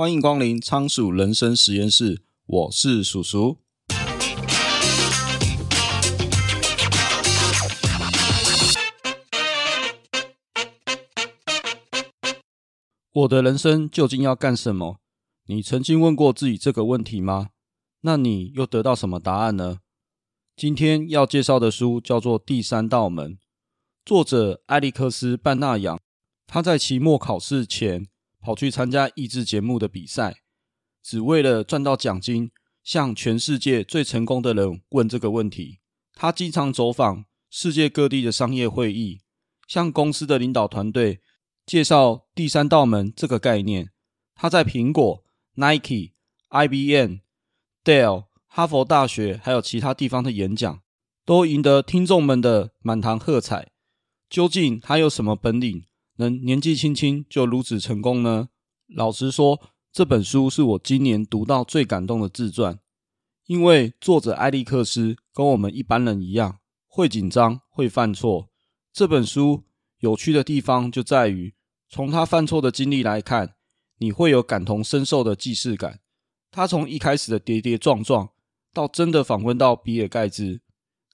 歡迎光臨倉鼠人生實驗室，我是鼠鼠。我的人生究竟要幹什麼？你曾經問過自己這個問題嗎？那你又得到什麼答案呢？今天要介紹的書叫做《第三道門》，作者艾利克斯·班納揚，他在期末考試前，跑去參加益智節目的比賽，只為了賺到獎金，向全世界最成功的人問這個問題。他經常走訪世界各地的商業會議，向公司的領導團隊介紹“第三道門”這個概念。他在蘋果、Nike、IBM、Dell、哈佛大學還有其他地方的演講，都贏得聽眾們的滿堂喝彩。究竟他有什麼本領？能年紀輕輕就如此成功呢？老實說，這本書是我今年讀到最感動的自傳，因為作者艾利克斯跟我們一般人一樣，會緊張，會犯錯。這本書有趣的地方就在於，從他犯錯的經歷來看，你會有感同身受的既視感。他從一開始的跌跌撞撞，到真的訪問到比爾蓋茨，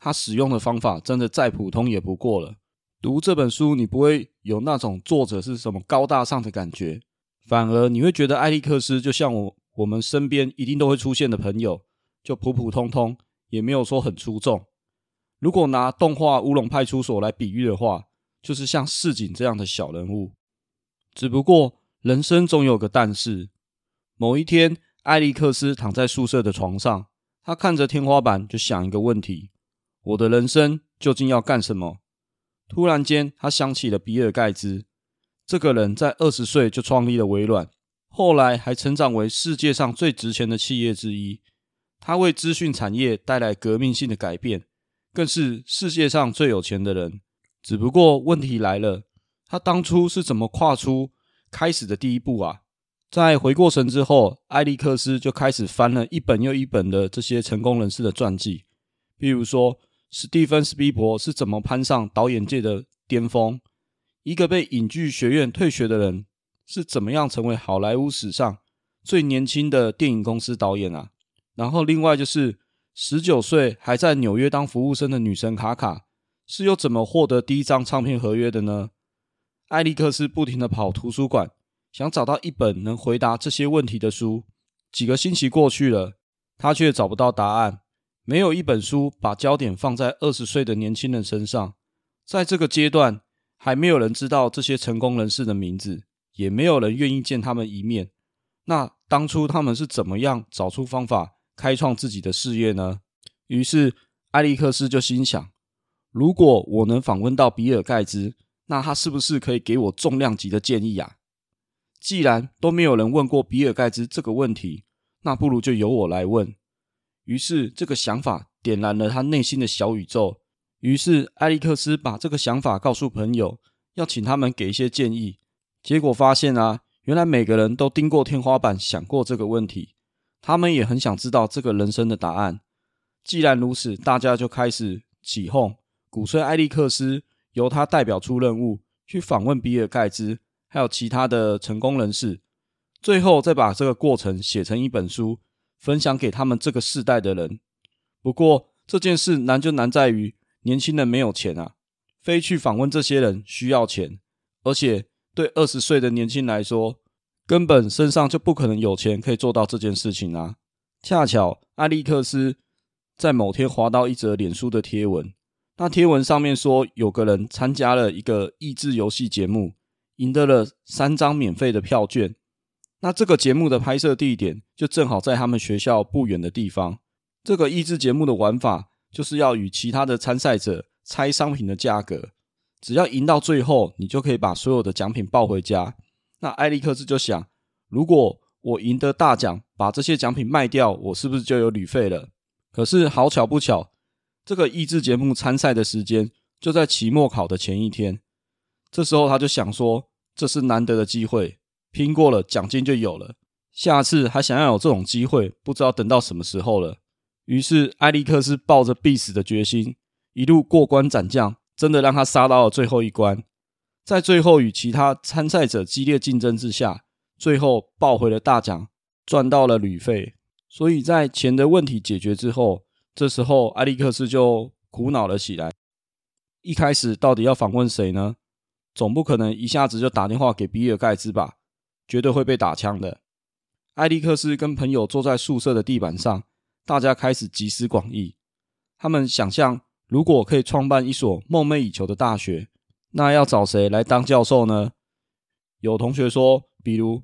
他使用的方法真的再普通也不過了。讀這本書，你不會，有那種作者是什麼高大上的感覺，反而你會覺得艾利克斯就像我我們身邊一定都會出現的朋友，就普普通通，也沒有說很出眾。如果拿動畫《烏龍派出所》來比喻的話，就是像市井這樣的小人物。只不過人生總有個但是，某一天，艾利克斯躺在宿舍的床上，他看着天花板就想一個問題：我的人生究竟要幹什麼？突然間，他想起了比爾蓋茨，這個人在二十歲就創立了微軟，後來還成長為世界上最值錢的企業之一。他為資訊產業帶來革命性的改變，更是世界上最有錢的人。只不過，問題來了，他當初是怎麼跨出開始的第一步啊？在回過神之後，艾利克斯就開始翻了一本又一本的這些成功人士的傳記，比如說。史蒂芬·史匹柏是怎麼攀上導演界的巔峰？一個被影劇學院退學的人是怎麼樣成為好萊塢史上最年輕的電影公司導演啊？然後，另外就是十九歲還在紐約當服務生的女神卡卡是又怎麼獲得第一張唱片合約的呢？艾利克斯不停地跑圖書館，想找到一本能回答這些問題的書。幾個星期過去了，他卻找不到答案。沒有一本書把焦點放在二十歲的年輕人身上，在這個階段，還沒有人知道這些成功人士的名字，也沒有人願意見他們一面。那當初他們是怎麼樣找出方法開創自己的事業呢？於是艾利克斯就心想：如果我能訪問到比爾蓋茨，那他是不是可以給我重量級的建議啊？既然都沒有人問過比爾蓋茨這個問題，那不如就由我來問。於是，這個想法點燃了他內心的小宇宙。於是，艾利克斯把這個想法告訴朋友，要請他們給一些建議。結果發現啊，原來每個人都盯過天花板，想過這個問題。他們也很想知道這個人生的答案。既然如此，大家就開始起哄鼓吹艾利克斯，由他代表出任務，去訪問比爾蓋茨，還有其他的成功人士。最後，再把這個過程寫成一本書。分享給他們這個世代的人。不過這件事難就難在於，年輕人沒有錢啊，非去訪問這些人需要錢，而且對二十歲的年輕人來說，根本身上就不可能有錢可以做到這件事情啊。恰巧艾利克斯在某天滑到一則臉書的貼文，那貼文上面說有個人參加了一個益智遊戲節目，贏得了三張免費的票券。那這個節目的拍攝地點就正好在他們學校不遠的地方。這個益智節目的玩法就是要與其他的參賽者猜商品的價格，只要贏到最後，你就可以把所有的獎品抱回家。那艾利克斯就想，如果我贏得大獎，把這些獎品賣掉，我是不是就有旅費了？可是好巧不巧，這個益智節目參賽的時間就在期末考的前一天。這時候他就想說，這是難得的機會。拼過了，獎金就有了。下次還想要有這種機會，不知道等到什麼時候了。於是艾利克斯抱着必死的決心，一路過關斬將，真的讓他殺到了最後一關。在最後與其他參賽者激烈競爭之下，最後抱回了大獎，賺到了旅費。所以在錢的問題解決之後，這時候艾利克斯就苦惱了起來。一開始到底要訪問誰呢？總不可能一下子就打電話給比爾蓋茨吧？絕對會被打槍的。艾利克斯跟朋友坐在宿舍的地板上，大家開始集思廣益。他們想象，如果可以創辦一所夢寐以求的大學，那要找誰來當教授呢？有同學說，比如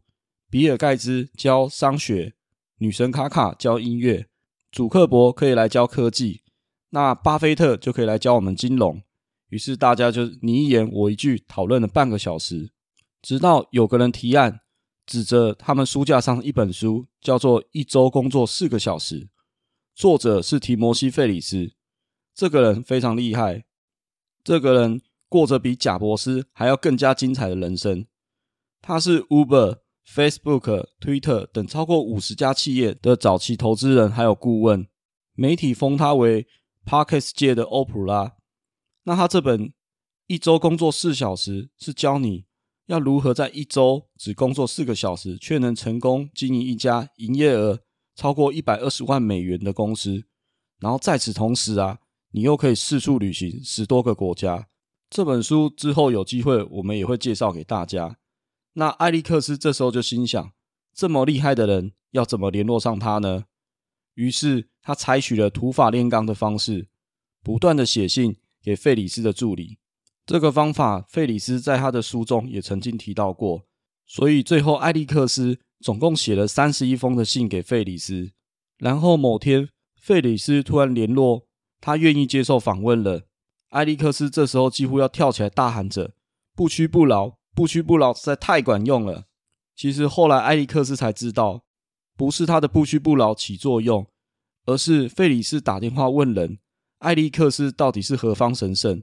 比爾蓋茨教商學，女神卡卡教音樂，祖克伯可以來教科技，那巴菲特就可以來教我們金融。於是大家就你一言我一句討論了半個小時，直到有個人提案。指着他們書架上一本書，叫做《一周工作四個小時》，作者是提摩西·費里斯。這個人非常厲害，這個人過着比賈伯斯還要更加精彩的人生。他是 Uber、Facebook、Twitter 等超過五十家企業的早期投資人，還有顧問。媒體封他為 “Podcast 界的歐普拉”。那他這本《一周工作四小時》是教你。要如何在一周只工作四個小時，卻能成功經營一家營業額超過一百二十萬美元的公司？然後在此同時啊，你又可以四處旅行十多個國家。這本書之後有機會，我們也會介紹給大家。那艾利克斯這時候就心想：這麼厲害的人，要怎麼聯絡上他呢？於是他採取了土法煉鋼的方式，不斷地寫信給費里斯的助理。這個方法，費里斯在他的書中也曾經提到過。所以，最後艾利克斯總共寫了三十一封的信給費里斯。然後某天，費里斯突然聯絡他，願意接受訪問了。艾利克斯這時候幾乎要跳起來大喊着：“不屈不撓，不屈不撓，實在太管用了！”其實後來艾利克斯才知道，不是他的不屈不撓起作用，而是費里斯打電話問人：“艾利克斯到底是何方神聖？”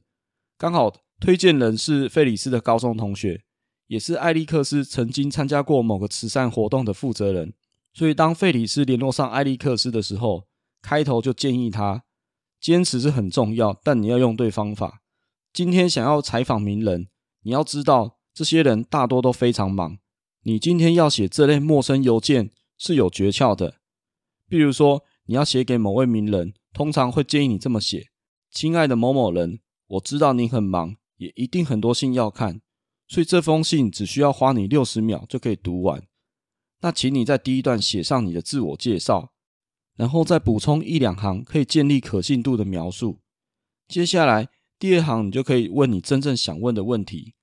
剛好。推薦人是費里斯的高中同學，也是艾利克斯曾經參加過某個慈善活動的負責人。所以，當費里斯聯絡上艾利克斯的時候，開頭就建議他：堅持是很重要，但你要用對方法。今天想要採訪名人，你要知道這些人大多都非常忙。你今天要寫這類陌生郵件是有訣竅的。比如說，你要寫給某位名人，通常會建議你這麼寫：親愛的某某人，我知道你很忙。也一定很多信要看，所以這封信只需要花你六十秒就可以讀完。那請你在第一段寫上你的自我介紹，然後再補充一兩行可以建立可信度的描述。接下來第二行你就可以問你真正想問的問題。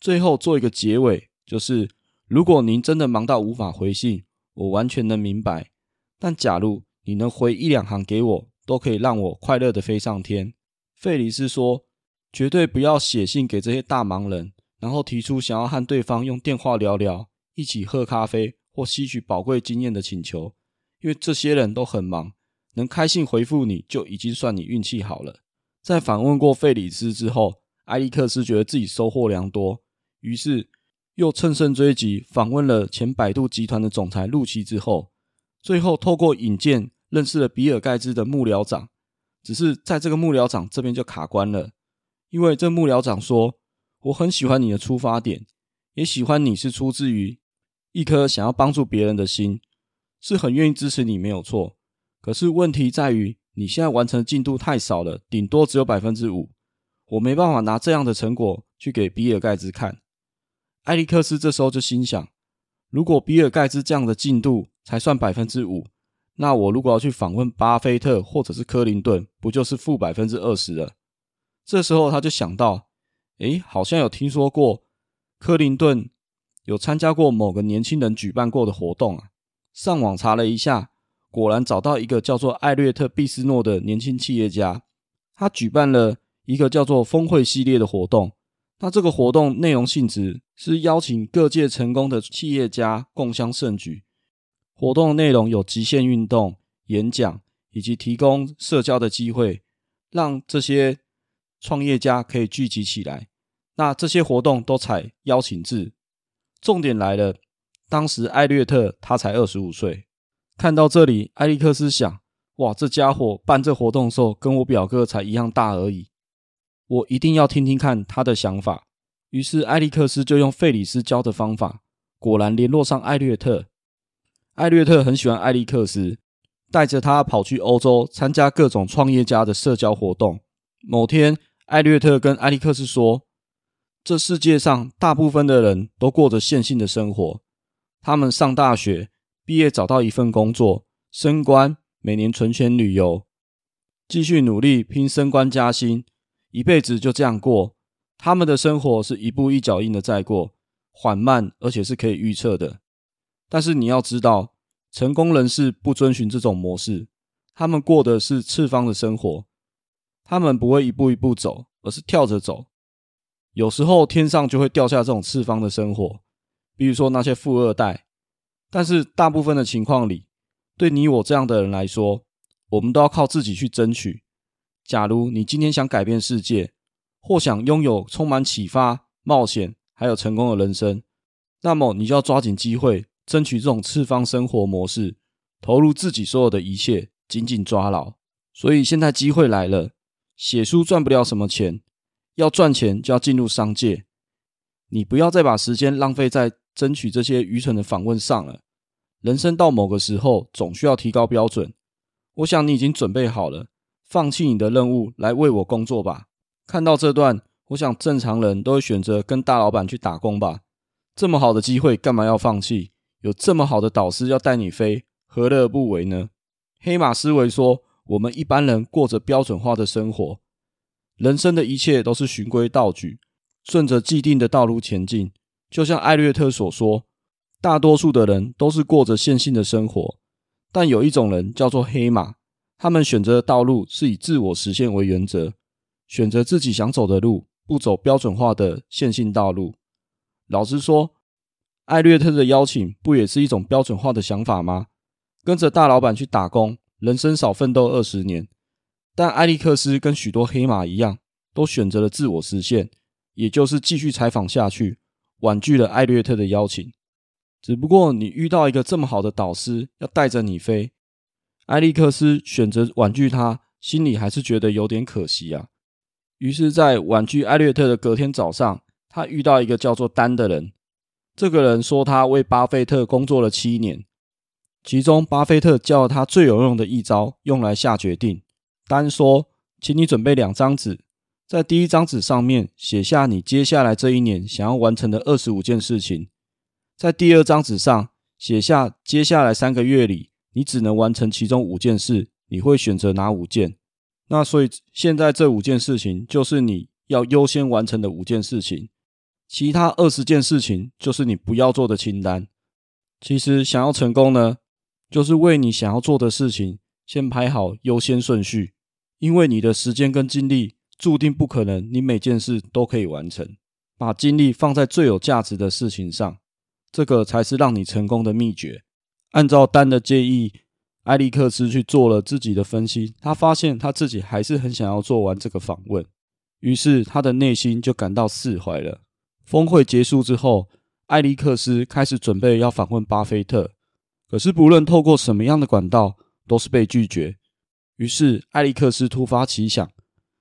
最後做一個結尾，就是如果您真的忙到無法回信，我完全能明白。但假如你能回一兩行給我，都可以讓我快樂的飛上天。”費里斯說。絕對不要寫信給這些大忙人，然後提出想要和對方用電話聊聊、一起喝咖啡或吸取寶貴經驗的請求，因為這些人都很忙，能開信回復你就已經算你運氣好了。在訪問過費里斯之後，埃利克斯覺得自己收穫良多，於是又乘勝追擊，訪問了前百度集團的總裁陸奇之後，最後透過引薦認識了比爾蓋茨的幕僚長。只是在這個幕僚長這邊就卡關了。因為這幕僚長說：“我很喜歡你的出發點，也喜歡你是出自於一顆想要幫助別人的心，是很願意支持你，沒有錯。可是問題在於，你現在完成的進度太少了，頂多只有百分之五，我沒辦法拿這樣的成果去給比爾蓋茨看。”艾利克斯這時候就心想：“如果比爾蓋茨這樣的進度才算百分之五，那我如果要去訪問巴菲特或者是克林頓，不就是負百分之二十了？”這時候他就想到，哎，好像有聽說過，克林頓有參加過某個年輕人舉辦過的活動啊。上網查了一下，果然找到一個叫做艾略特·畢斯諾的年輕企業家，他舉辦了一個叫做峰會系列的活動。那這個活動內容性質是邀請各界成功的企業家共襄盛舉，活動內容有極限運動、演講，以及提供社交的機會，讓這些。創業家可以聚集起來，那這些活動都採邀請制。重點來了，當時艾略特他才二十五歲。看到這裡，艾利克斯想：哇，這家伙辦這活動的時候，跟我表哥才一樣大而已。我一定要聽聽看他的想法。於是艾利克斯就用費里斯教的方法，果然聯絡上艾略特。艾略特很喜歡艾利克斯，帶着他跑去歐洲參加各種創業家的社交活動。某天。艾略特跟艾利克斯說：“這世界上大部分的人都過着線性的生活，他們上大學，畢業找到一份工作，升官，每年存錢旅遊，繼續努力拼升官加薪，一輩子就這樣過。他們的生活是一步一腳印的在過，緩慢而且是可以預測的。但是你要知道，成功人士不遵循這種模式，他們過的是次方的生活。”他們不會一步一步走，而是跳着走。有時候天上就會掉下這種次方的生活，比如說那些富二代。但是大部分的情況裡，對你我這樣的人來說，我們都要靠自己去爭取。假如你今天想改變世界，或想擁有充滿啟發、冒險還有成功的人生，那麼你就要抓緊機會，爭取這種次方生活模式，投入自己所有的一切，緊緊抓牢。所以現在機會來了。寫書賺不了什麼錢，要賺錢就要進入商界。你不要再把時間浪費在爭取這些愚蠢的訪問上了。人生到某個時候，總需要提高標準。我想你已經準備好了，放棄你的任務，來為我工作吧。看到這段，我想正常人都會選擇跟大老闆去打工吧。這麼好的機會，幹嘛要放棄？有這麼好的導師要帶你飛，何樂而不為呢？黑馬思維說，我們一般人過着標準化的生活，人生的一切都是循規蹈矩，順着既定的道路前進。就像艾略特所說，大多數的人都是過着線性的生活。但有一種人叫做黑馬，他們選擇的道路是以自我實現為原則，選擇自己想走的路，不走標準化的線性道路。老實說，艾略特的邀請不也是一種標準化的想法嗎？跟着大老闆去打工。人生少奮鬥二十年，但艾利克斯跟許多黑馬一樣，都選擇了自我實現，也就是繼續採訪下去，婉拒了艾略特的邀請。只不過你遇到一個這麼好的導師，要帶着你飛，艾利克斯選擇婉拒他，心裡還是覺得有點可惜啊。於是，在婉拒艾略特的隔天早上，他遇到一個叫做丹的人。這個人說，他為巴菲特工作了七年。其中，巴菲特教了他最有用的一招，用來下決定。丹說：“請你準備兩張紙，在第一張紙上面寫下你接下來這一年想要完成的二十五件事情，在第二張紙上寫下接下來三個月裡你只能完成其中五件事，你會選擇哪五件？那所以，現在這五件事情就是你要優先完成的五件事情，其他二十件事情就是你不要做的清單。其實，想要成功呢？”就是為你想要做的事情先排好優先順序，因為你的時間跟精力注定不可能你每件事都可以完成，把精力放在最有價值的事情上，這個才是讓你成功的秘訣。按照丹的建議，艾利克斯去做了自己的分析，他發現他自己還是很想要做完這個訪問，於是他的內心就感到釋懷了。峰會結束之後，艾利克斯開始準備要訪問巴菲特。可是，不論透過什麼樣的管道，都是被拒絕。於是，艾利克斯突發奇想，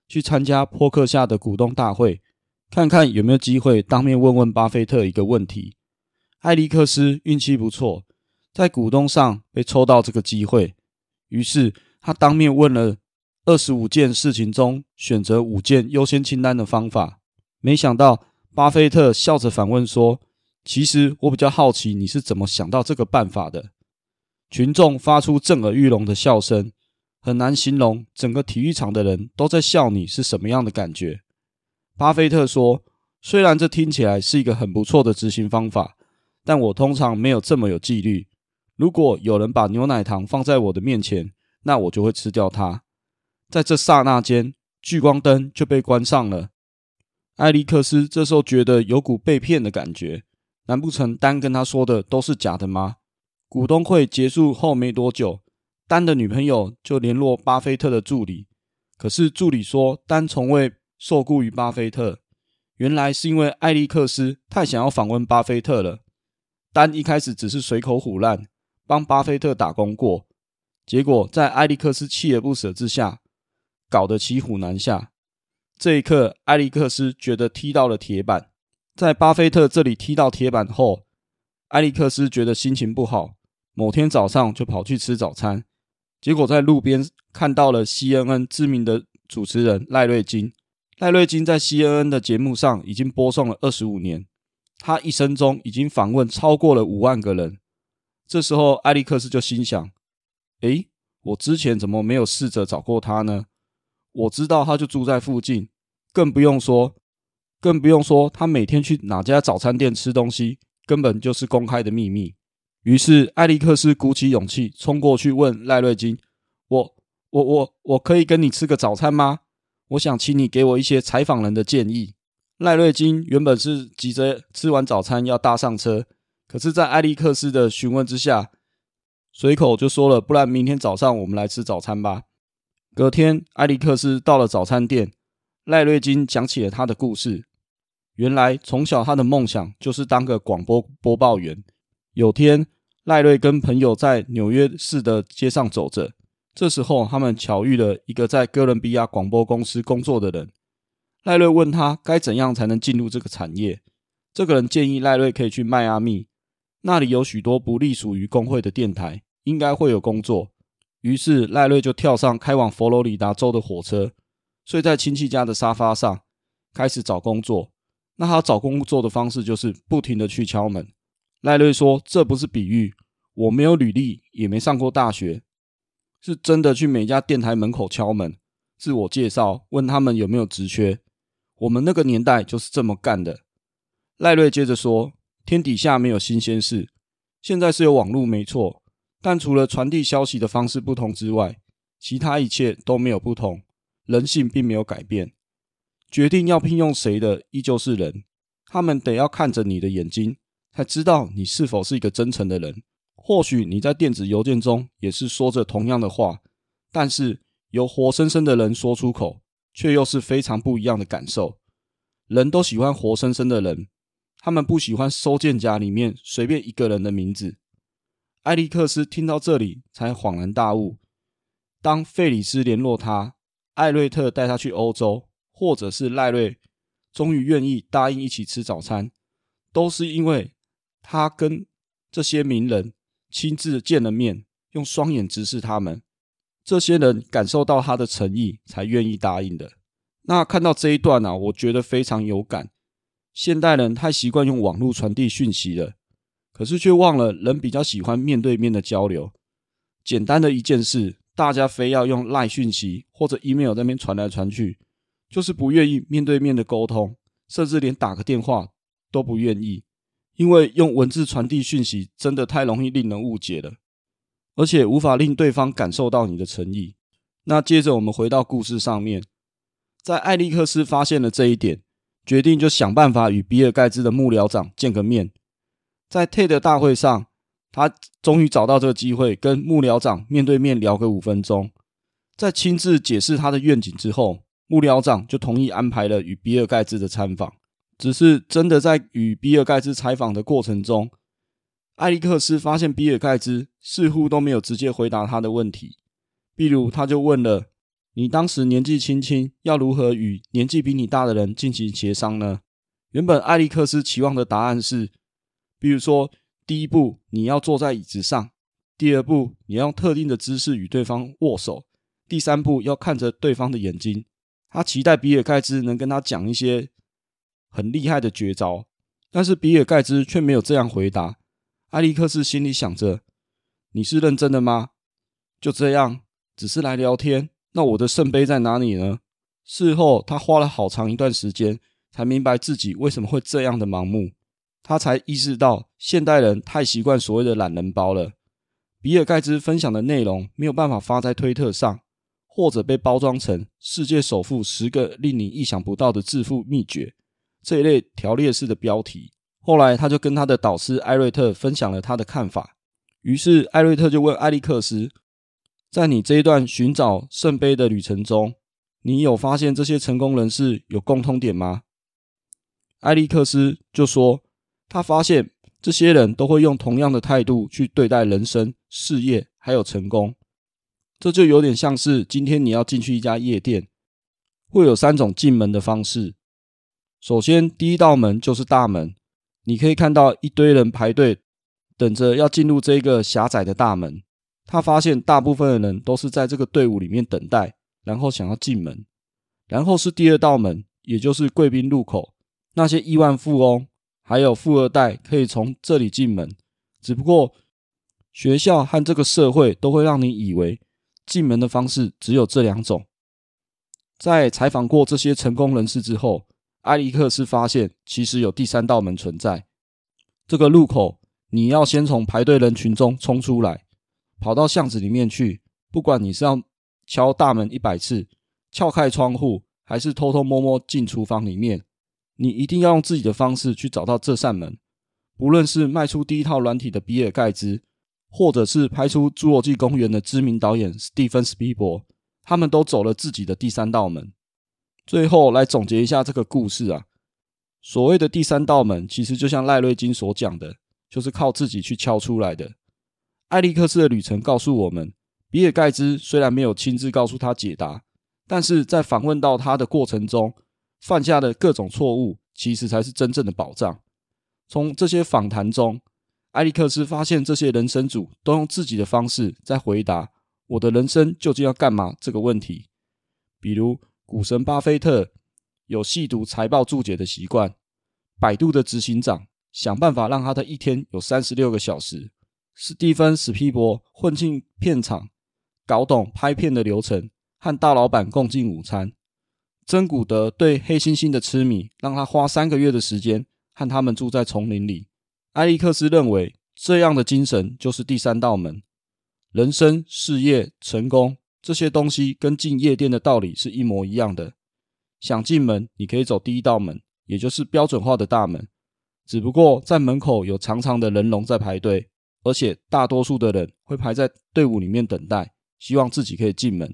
去參加波克夏的股東大會，看看有沒有機會當面問問巴菲特一個問題。艾利克斯運氣不錯，在股東上被抽到這個機會。於是，他當面問了二十五件事情中選擇五件優先清單的方法。沒想到，巴菲特笑着反問說：“其實，我比較好奇你是怎麼想到這個辦法的。”群眾發出震耳欲聾的笑聲，很難形容整個體育場的人都在笑你是什麼樣的感覺。巴菲特說：“雖然這聽起來是一個很不錯的執行方法，但我通常沒有這麼有紀律。如果有人把牛奶糖放在我的面前，那我就會吃掉它。”在這霎那間，聚光燈就被關上了。艾利克斯這時候覺得有股被騙的感覺，難不成丹跟他說的都是假的嗎？股東會結束後沒多久，丹的女朋友就聯絡巴菲特的助理。可是助理說，丹從未受雇於巴菲特。原來是因為艾利克斯太想要訪問巴菲特了。丹一開始只是隨口唬爛，幫巴菲特打工過，結果在艾利克斯鍥而不捨之下，搞得騎虎難下。這一刻，艾利克斯覺得踢到了鐵板。在巴菲特這裡踢到鐵板後，艾利克斯覺得心情不好。某天早上就跑去吃早餐，結果在路邊看到了 CNN 知名的主持人賴瑞金。賴瑞金在 CNN 的節目上已經播送了二十五年，他一生中已經訪問超過了五萬個人。這時候艾利克斯就心想：“誒，我之前怎麼沒有試着找過他呢？我知道他就住在附近，更不用說，更不用說他每天去哪家早餐店吃東西，根本就是公開的秘密。”於是，艾利克斯鼓起勇氣衝過去問賴瑞金：“我、我、我、我可以跟你吃個早餐嗎？我想請你給我一些採訪人的建議。”賴瑞金原本是急着吃完早餐要搭上車，可是，在艾利克斯的詢問之下，隨口就說了：“不然明天早上我們來吃早餐吧。”隔天，艾利克斯到了早餐店，賴瑞金講起了他的故事。原來，從小他的夢想就是當個廣播播報員。有天，賴瑞跟朋友在紐約市的街上走着，這時候他們巧遇了一個在哥倫比亞廣播公司工作的人。賴瑞問他該怎樣才能進入這個產業，這個人建議賴瑞可以去邁阿密，那裡有許多不隸屬於工會的電台，應該會有工作。於是賴瑞就跳上開往佛羅里達州的火車，睡在親戚家的沙發上，開始找工作。那他找工作的方式就是不停的去敲門。賴瑞說：“這不是比喻，我沒有履歷，也沒上過大學，是真的去每家電台門口敲門，自我介紹，問他們有沒有職缺。我們那個年代就是這麼幹的。”賴瑞接着說：“天底下沒有新鮮事，現在是有網絡沒錯，但除了傳遞消息的方式不同之外，其他一切都沒有不同，人性並沒有改變。決定要聘用誰的依舊是人，他們得要看着你的眼睛。”才知道你是否是一個真誠的人。或許你在電子郵件中也是說着同樣的話，但是由活生生的人說出口，卻又是非常不一樣的感受。人都喜歡活生生的人，他們不喜歡收件夾裡面隨便一個人的名字。艾利克斯聽到這裡才恍然大悟：當費里斯聯絡他，艾瑞特帶他去歐洲，或者是賴瑞終於願意答應一起吃早餐，都是因為。他跟這些名人親自見了面，用雙眼直視他們，這些人感受到他的誠意，才願意答應的。那看到這一段啊，我覺得非常有感。現代人太習慣用網絡傳遞訊息了，可是卻忘了人比較喜歡面對面的交流。簡單的一件事，大家非要用賴訊息或者 email 在那邊傳來傳去，就是不願意面對面的溝通，甚至連打個電話都不願意。因為用文字傳遞訊息真的太容易令人誤解了，而且無法令對方感受到你的誠意。那接着我們回到故事上面，在艾利克斯發現了這一點，決定就想辦法與比爾蓋茨的幕僚長見個面。在 TED 大會上，他終於找到這個機會，跟幕僚長面對面聊個五分鐘，在親自解釋他的願景之後，幕僚長就同意安排了與比爾蓋茨的參訪。只是真的在與比爾蓋茨採訪的過程中，艾利克斯發現比爾蓋茨似乎都沒有直接回答他的問題。比如，他就問了：“你當時年紀輕輕，要如何與年紀比你大的人進行協商呢？”原本艾利克斯期望的答案是，比如說，第一步你要坐在椅子上，第二步你要用特定的姿勢與對方握手，第三步要看着對方的眼睛。他期待比爾蓋茨能跟他講一些。很厲害的絕招，但是比爾蓋茨卻沒有這樣回答。艾利克斯心裡想着：“你是認真的嗎？”就這樣，只是來聊天。那我的聖杯在哪裡呢？事後，他花了好長一段時間才明白自己為什麼會這樣的盲目。他才意識到，現代人太習慣所謂的“懶人包”了。比爾蓋茨分享的內容沒有辦法發在推特上，或者被包裝成“世界首富十個令你意想不到的致富秘訣”。這一類條列式的標題，後來他就跟他的導師艾瑞特分享了他的看法。於是艾瑞特就問艾利克斯：“在你這一段尋找聖杯的旅程中，你有發現這些成功人士有共通點嗎？”艾利克斯就說：“他發現這些人都會用同樣的態度去對待人生、事業還有成功。這就有點像是今天你要進去一家夜店，會有三種進門的方式。”首先，第一道門就是大門，你可以看到一堆人排隊，等着要進入這個狹窄的大門。他發現大部分的人都是在這個隊伍裡面等待，然後想要進門。然後是第二道門，也就是貴賓入口，那些億萬富翁還有富二代可以從這裡進門。只不過，學校和這個社會都會讓你以為進門的方式只有這兩種。在採訪過這些成功人士之後，埃里克斯發現，其實有第三道門存在。這個路口，你要先從排隊人群中衝出來，跑到巷子裡面去。不管你是要敲大門一百次，撬開窗戶，還是偷偷摸摸進廚房裡面，你一定要用自己的方式去找到這扇門。不論是賣出第一套軟體的比爾蓋茨，或者是拍出《侏羅紀公園》的知名導演史蒂芬史匹柏，他們都走了自己的第三道門。最後來總結一下這個故事啊，所謂的第三道門，其實就像賴瑞金所講的，就是靠自己去敲出來的。艾利克斯的旅程告訴我們，比爾蓋茨雖然沒有親自告訴他解答，但是在訪問到他的過程中犯下的各種錯誤，其實才是真正的寶藏。從這些訪談中，艾利克斯發現這些人生組都用自己的方式在回答“我的人生究竟要幹嘛”這個問題，比如。股神巴菲特有細讀財報注解的習慣。百度的執行長想辦法讓他的一天有三十六個小時。史蒂芬·史皮伯混進片場，搞懂拍片的流程，和大老板共進午餐。珍古德對黑猩猩的痴迷，讓他花三個月的時間和他們住在叢林裡。埃利克斯認為，這樣的精神就是第三道門：人生、事業、成功。這些東西跟進夜店的道理是一模一樣的。想進門，你可以走第一道門，也就是標準化的大門，只不過在門口有長長的人龍在排隊，而且大多數的人會排在隊伍裡面等待，希望自己可以進門。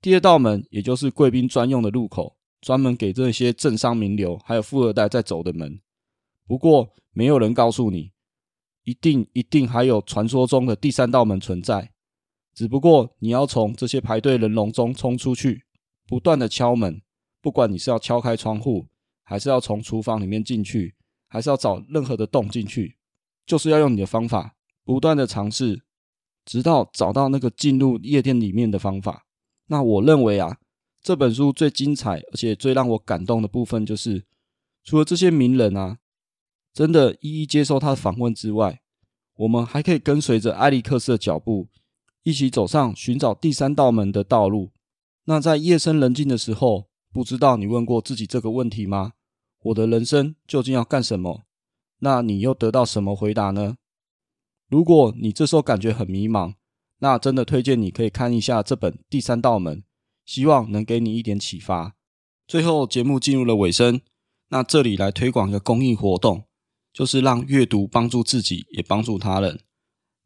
第二道門，也就是貴賓專用的入口，專門給這些政商名流還有富二代在走的門。不過，沒有人告訴你，一定一定還有傳說中的第三道門存在。只不過你要從這些排隊人龍中衝出去，不斷的敲門，不管你是要敲開窗戶，還是要從廚房裡面進去，還是要找任何的洞進去，就是要用你的方法不斷的嘗試，直到找到那個進入夜店裡面的方法。那我認為啊，這本書最精彩而且最讓我感動的部分，就是除了這些名人啊，真的一一接受他的訪問之外，我們還可以跟隨着艾利克斯的腳步。一起走上尋找第三道門的道路。那在夜深人靜的時候，不知道你問過自己這個問題嗎？我的人生究竟要幹什麼？那你又得到什麼回答呢？如果你這時候感覺很迷茫，那真的推薦你可以看一下這本《第三道門》，希望能給你一點啟發。最後，節目進入了尾聲，那這裡來推廣一個公益活動，就是讓閱讀幫助自己，也幫助他人。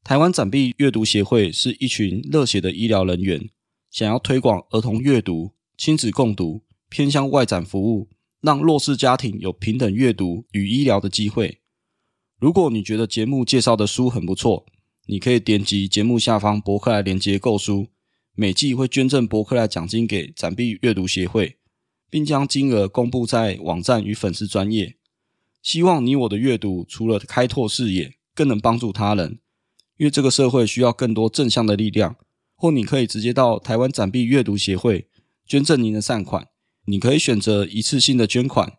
台灣展臂閱讀協會是一群熱血的醫療人員，想要推廣兒童閱讀、親子共讀、偏向外展服務，讓弱勢家庭有平等閱讀與醫療的機會。如果你覺得節目介紹的書很不錯，你可以點擊節目下方博客來連結購書。每季會捐贈博客來獎金給展臂閱讀協會，並將金額公布在網站與粉絲專頁。希望你我的閱讀除了開拓視野，更能幫助他人。因為這個社會需要更多正向的力量，或你可以直接到台灣展臂閱讀協會捐贈您的善款。你可以選擇一次性的捐款，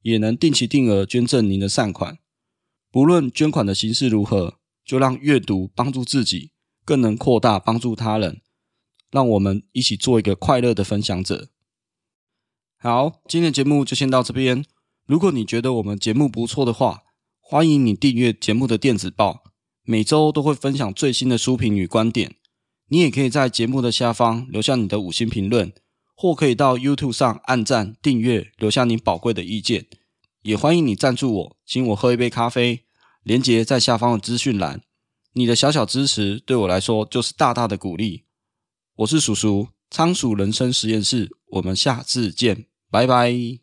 也能定期定額捐贈您的善款。不論捐款的形式如何，就讓閱讀幫助自己，更能擴大幫助他人。讓我們一起做一個快樂的分享者。好，今天的節目就先到這邊。如果你覺得我們節目不錯的話，歡迎你訂閱節目的電子報。每週都會分享最新的書評與觀點，你也可以在節目的下方留下你的五星評論，或可以到 YouTube 上按讚訂閱，留下你寶貴的意見。也歡迎你贊助我，請我喝一杯咖啡，連結在下方的資訊欄。你的小小支持對我來說就是大大的鼓勵。我是叔叔，倉鼠人生實驗室，我們下次見，拜拜。